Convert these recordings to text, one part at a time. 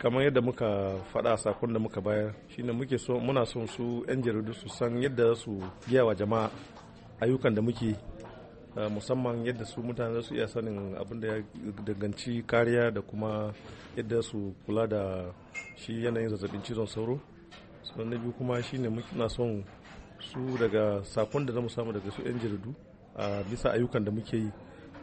kamar yadda muka faɗa sakon da muka bayar shine muke so muna son su 'yan jaridu su san yadda su giya wa jama'a ayyukan da muke eh, musamman yadda su mutane za su iya sanin abin da ya danganci kariya da kuma yadda su kula da shi yanayin zazzabin cizon sauro sannan na biyu kuma shine muna son su daga sakon da zamu samu daga su 'yan jaridu a bisa ayyukan da muke yi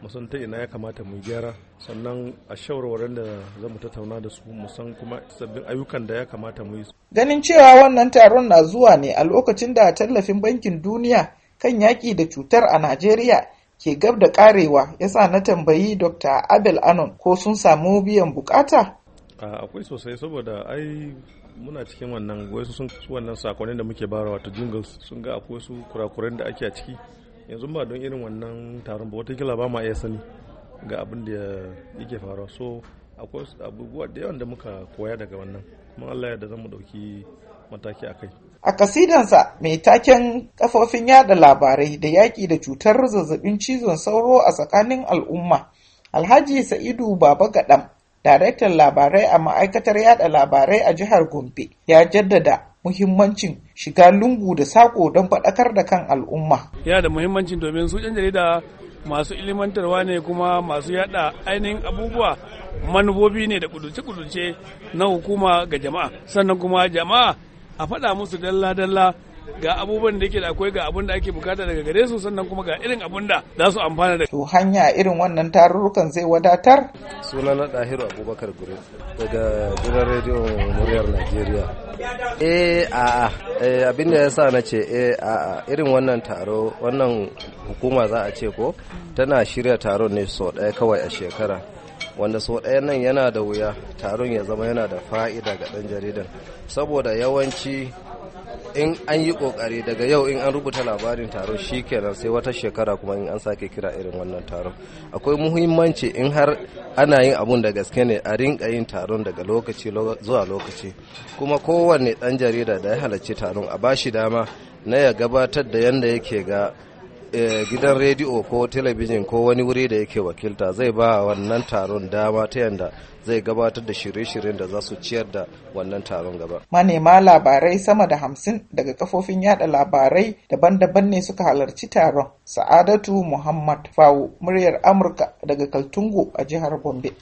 musan ta ina ya kamata mu gyara sannan a shawarwarin da za mu tattauna da su musan kuma sabbin ayyukan da ya kamata mu yi ganin cewa wannan taron na zuwa ne a lokacin da tallafin bankin duniya kan yaƙi da cutar a najeriya ke gab da karewa yasa na tambayi dr abel anon ko sun samu biyan bukata akwai sosai saboda ai muna cikin wannan wasu sun wannan sakonin da muke barawa ta jingles sun ga akwai su kurakuren da ake a ciki yanzu ba don irin wannan taron ba watakila ba ma iya sani ga abin da yake faruwa so akwai abubuwa da yawan da muka koya daga wannan kuma Allah ya zan mu dauki mataki a kai a kasidansa mai taken kafofin yada labarai da yaƙi da cutar zazzabin cizon sauro a tsakanin al'umma alhaji sa'idu baba gadam daraktan labarai a ma'aikatar yada labarai a jihar gombe ya jaddada muhimmancin shiga lungu da sako don faɗakar da kan al'umma. Yana da muhimmanci domin su ɗan jarida masu ilimantarwa ne kuma masu yada ainihin abubuwa manubobi ne da kuduce-kuduce na hukuma ga jama'a sannan kuma jama'a a faɗa musu dalla-dalla ga abubuwan da yake da akwai ga abun da ake bukata daga gare su sannan kuma ga irin abun da za su amfana da to hanya irin wannan tarurrukan zai wadatar na dahiru abubakar gure daga gidan rediyo muryar najeriya eh a'a eh, abin da yasa na ce eh a'a irin wannan taro wannan hukuma za a ce ko tana shirya taron ne sau ɗaya kawai a shekara wanda sau ɗaya nan yana da wuya taron ya zama yana da fa'ida ga ɗan jaridan saboda yawanci in an yi kokari daga yau in an rubuta labarin taron kenan sai wata shekara kuma in an sake kira irin wannan taron akwai muhimmanci in har ana yin abun da gaske ne a rinka yin taron daga lokaci zuwa lokaci kuma kowanne dan jarida da ya halarci taron a bashi dama na ya gabatar da yadda yake ga Eh, gidan rediyo ko talabijin ko wani wuri da yake wakilta zai ba wannan taron dama ta yadda zai gabatar da shirye-shiryen da za su ciyar da wannan taron gaba. Manema labarai sama da hamsin daga kafofin yada labarai daban-daban ne suka halarci taron. Sa'adatu Muhammad Fawo, muryar Amurka daga Kaltungo a jihar Gombe.